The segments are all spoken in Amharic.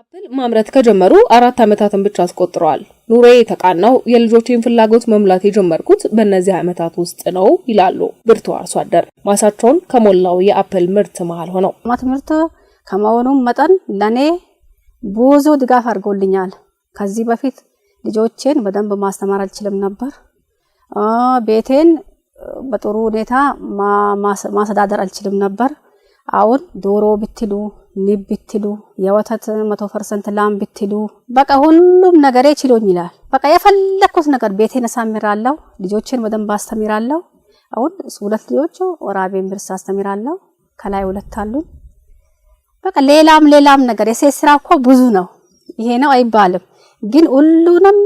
አፕል ማምረት ከጀመሩ አራት ዓመታትን ብቻ አስቆጥረዋል። ኑሮዬ የተቃናው የልጆቼን ፍላጎት መሙላት የጀመርኩት በእነዚህ ዓመታት ውስጥ ነው ይላሉ ብርቱ አርሶ አደር ማሳቸውን ከሞላው የአፕል ምርት መሃል ሆነው። ትምህርት ከመሆኑም መጠን ለእኔ ብዙ ድጋፍ አድርጎልኛል። ከዚህ በፊት ልጆቼን በደንብ ማስተማር አልችልም ነበር። ቤቴን በጥሩ ሁኔታ ማስተዳደር አልችልም ነበር። አሁን ዶሮ ብትሉ ንብ ብትሉ የወተት መቶ ፐርሰንት ላም ብትሉ በቃ ሁሉም ነገሬ ችሎኝ ይላል። በቃ የፈለግኩት ነገር ቤቴን አሳምራለሁ። ልጆችን በደንብ አስተምራለሁ። አሁን ሁለት ልጆች ወራቤን ብርስ አስተምራለሁ። ከላይ ሁለት አሉ። በቃ ሌላም ሌላም ነገር የሴት ስራ እኮ ብዙ ነው። ይሄ ነው አይባልም፣ ግን ሁሉንም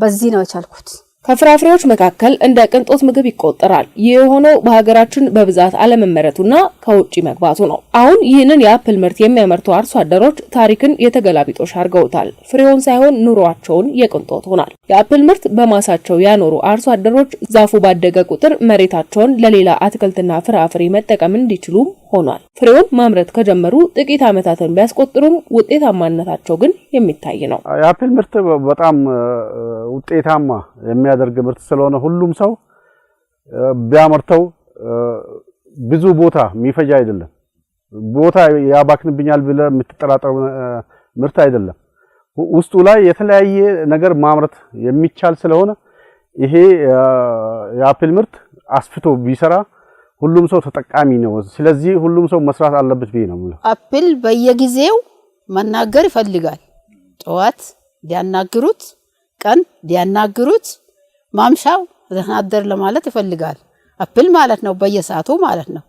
በዚህ ነው የቻልኩት። ከፍራፍሬዎች መካከል እንደ ቅንጦት ምግብ ይቆጠራል። ይህ የሆነው በሀገራችን በብዛት አለመመረቱና ከውጭ መግባቱ ነው። አሁን ይህንን የአፕል ምርት የሚያመርቱ አርሶ አደሮች ታሪክን የተገላቢጦሽ አድርገውታል። ፍሬውን ሳይሆን ኑሯቸውን የቅንጦት ሆናል። የአፕል ምርት በማሳቸው ያኖሩ አርሶ አደሮች ዛፉ ባደገ ቁጥር መሬታቸውን ለሌላ አትክልትና ፍራፍሬ መጠቀም እንዲችሉም ሆኗል። ፍሬውን ማምረት ከጀመሩ ጥቂት ዓመታትን ቢያስቆጥሩም ውጤታማነታቸው ግን የሚታይ ነው። የአፕል ምርት በጣም ውጤታማ የሚያደርግ ምርት ስለሆነ ሁሉም ሰው ቢያመርተው ብዙ ቦታ የሚፈጅ አይደለም። ቦታ ያባክንብኛል ብለ የምትጠራጠር ምርት አይደለም። ውስጡ ላይ የተለያየ ነገር ማምረት የሚቻል ስለሆነ ይሄ የአፕል ምርት አስፍቶ ቢሰራ ሁሉም ሰው ተጠቃሚ ነው። ስለዚህ ሁሉም ሰው መስራት አለበት ብዬ ነው የምለው። አፕል በየጊዜው መናገር ይፈልጋል። ጠዋት ሊያናግሩት፣ ቀን ሊያናግሩት፣ ማምሻው ደህና አደር ለማለት ይፈልጋል። አፕል ማለት ነው በየሰዓቱ ማለት ነው።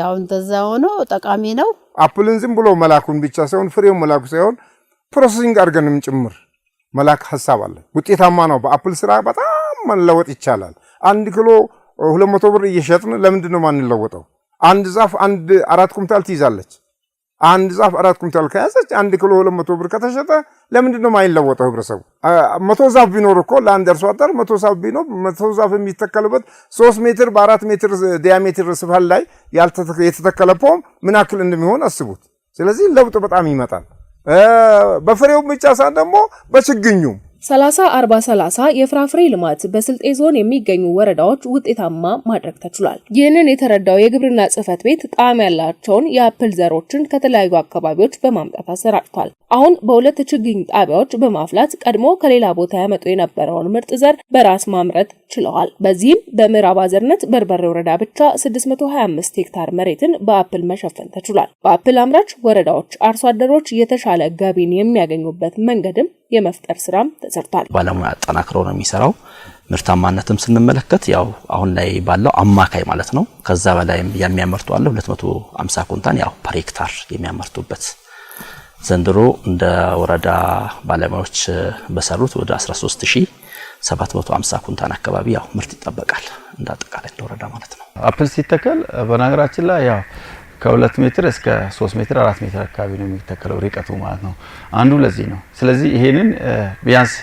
ያው እንደዛ ሆኖ ጠቃሚ ነው። አፕልን ዝም ብሎ መላኩን ብቻ ሳይሆን ፍሬው መላኩ ሳይሆን ፕሮሰሲንግ አድርገንም ጭምር መላክ ሀሳብ አለ። ውጤታማ ነው። በአፕል ስራ በጣም መለወጥ ይቻላል። አንድ ኪሎ ሁለት መቶ ብር እየሸጥን ለምንድን ነው ማንለወጠው? አንድ ዛፍ አንድ አራት ኩምታል ትይዛለች። አንድ ዛፍ አራት ኩምታል ከያዘች አንድ ኪሎ ሁለት መቶ ብር ከተሸጠ ለምንድን ነው ማይለወጠው? ህብረተሰቡ መቶ ዛፍ ቢኖር እኮ ለአንድ አርሶ አደር መቶ ዛፍ ቢኖር መቶ ዛፍ የሚተከልበት ሶስት ሜትር በአራት ሜትር ዲያሜትር ስፋት ላይ የተተከለ ፖም ምን ያክል እንደሚሆን አስቡት። ስለዚህ ለውጥ በጣም ይመጣል። በፍሬው ብቻ ሳን ደግሞ በችግኙም ሰላሳ አርባ ሰላሳ የፍራፍሬ ልማት በስልጤ ዞን የሚገኙ ወረዳዎች ውጤታማ ማድረግ ተችሏል። ይህንን የተረዳው የግብርና ጽህፈት ቤት ጣዕም ያላቸውን የአፕል ዘሮችን ከተለያዩ አካባቢዎች በማምጣት አሰራጭቷል። አሁን በሁለት ችግኝ ጣቢያዎች በማፍላት ቀድሞ ከሌላ ቦታ ያመጡ የነበረውን ምርጥ ዘር በራስ ማምረት ችለዋል። በዚህም በምዕራብ አዘርነት በርበሬ ወረዳ ብቻ 625 ሄክታር መሬትን በአፕል መሸፈን ተችሏል። በአፕል አምራች ወረዳዎች አርሶ አደሮች የተሻለ ገቢን የሚያገኙበት መንገድም የመፍጠር ስራም ተሰርቷል። ባለሙያ አጠናክረው ነው የሚሰራው። ምርታማነትም ስንመለከት ያው አሁን ላይ ባለው አማካይ ማለት ነው። ከዛ በላይ የሚያመርቱ አለ 250 ኩንታን ያው ፐር ሄክታር የሚያመርቱበት ዘንድሮ እንደ ወረዳ ባለሙያዎች በሰሩት ወደ 13750 ኩንታን አካባቢ ያው ምርት ይጠበቃል። እንደ እንደ ወረዳ ማለት ነው። አፕል ሲተከል በነገራችን ላይ ያው ከሁለት ሜትር እስከ ሶስት ሜትር አራት ሜትር አካባቢ ነው የሚተከለው ርቀቱ ማለት ነው። አንዱ ለዚህ ነው። ስለዚህ ይሄንን ቢያንስ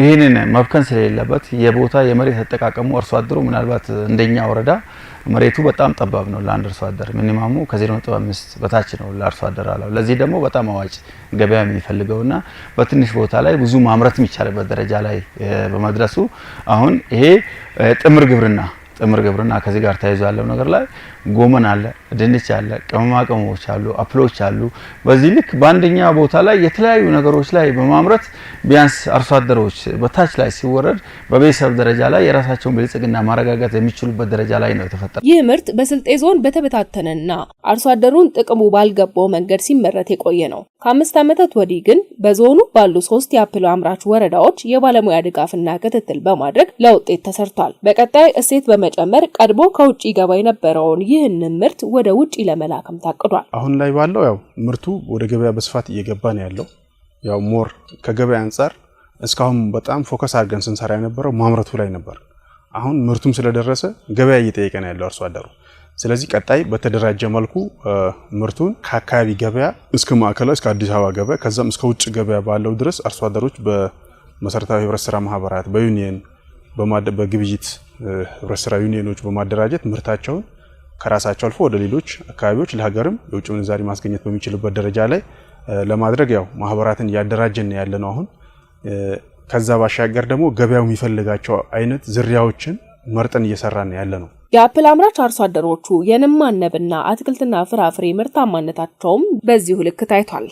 ይህንን መብከን ስለሌለበት የቦታ የመሬት አጠቃቀሙ አርሶ አደሩ ምናልባት እንደኛ ወረዳ መሬቱ በጣም ጠባብ ነው። ለአንድ አርሶ አደር ሚኒማሙ ከ0.5 በታች ነው ለአርሶ አደር አለው። ለዚህ ደግሞ በጣም አዋጭ ገበያ የሚፈልገውና በትንሽ ቦታ ላይ ብዙ ማምረት የሚቻልበት ደረጃ ላይ በመድረሱ አሁን ይሄ ጥምር ግብርና ጥምር ግብርና ከዚህ ጋር ተያይዞ ያለው ነገር ላይ ጎመን አለ ድንች አለ፣ ቅመማ ቅመሞች አሉ፣ አፕሎች አሉ። በዚህ ልክ በአንደኛ ቦታ ላይ የተለያዩ ነገሮች ላይ በማምረት ቢያንስ አርሶ አደሮች በታች ላይ ሲወረድ በቤተሰብ ደረጃ ላይ የራሳቸውን ብልጽግና ማረጋጋት የሚችሉበት ደረጃ ላይ ነው የተፈጠረ። ይህ ምርት በስልጤ ዞን በተበታተነና አርሶ አደሩን ጥቅሙ ባልገባው መንገድ ሲመረት የቆየ ነው። ከአምስት ዓመታት ወዲህ ግን በዞኑ ባሉ ሶስት የአፕል አምራች ወረዳዎች የባለሙያ ድጋፍና ክትትል በማድረግ ለውጤት ተሰርቷል። በቀጣይ እሴት በመጨመር ቀድሞ ከውጭ ይገባ የነበረውን ይህንን ምርት ወደ ውጭ ለመላክም ታቅዷል። አሁን ላይ ባለው ያው ምርቱ ወደ ገበያ በስፋት እየገባ ነው ያለው። ያው ሞር ከገበያ አንጻር እስካሁን በጣም ፎከስ አድርገን ስንሰራ የነበረው ማምረቱ ላይ ነበር። አሁን ምርቱም ስለደረሰ ገበያ እየጠየቀ ነው ያለው አርሶ አደሩ። ስለዚህ ቀጣይ በተደራጀ መልኩ ምርቱን ከአካባቢ ገበያ እስከ ማዕከላዊ እስከ አዲስ አበባ ገበያ ከዛም እስከ ውጭ ገበያ ባለው ድረስ አርሶ አደሮች በመሰረታዊ ህብረት ስራ ማህበራት፣ በዩኒየን በግብይት ህብረት ስራ ዩኒየኖች በማደራጀት ምርታቸውን ከራሳቸው አልፎ ወደ ሌሎች አካባቢዎች ለሀገርም የውጭ ምንዛሪ ማስገኘት በሚችልበት ደረጃ ላይ ለማድረግ ያው ማህበራትን እያደራጀን ያለ ነው አሁን። ከዛ ባሻገር ደግሞ ገበያው የሚፈልጋቸው አይነት ዝርያዎችን መርጠን እየሰራን ያለ ነው። የአፕል አምራች አርሶ አደሮቹ የንብ ማነብና አትክልትና ፍራፍሬ ምርታማነታቸውም በዚሁ ልክ ታይቷል።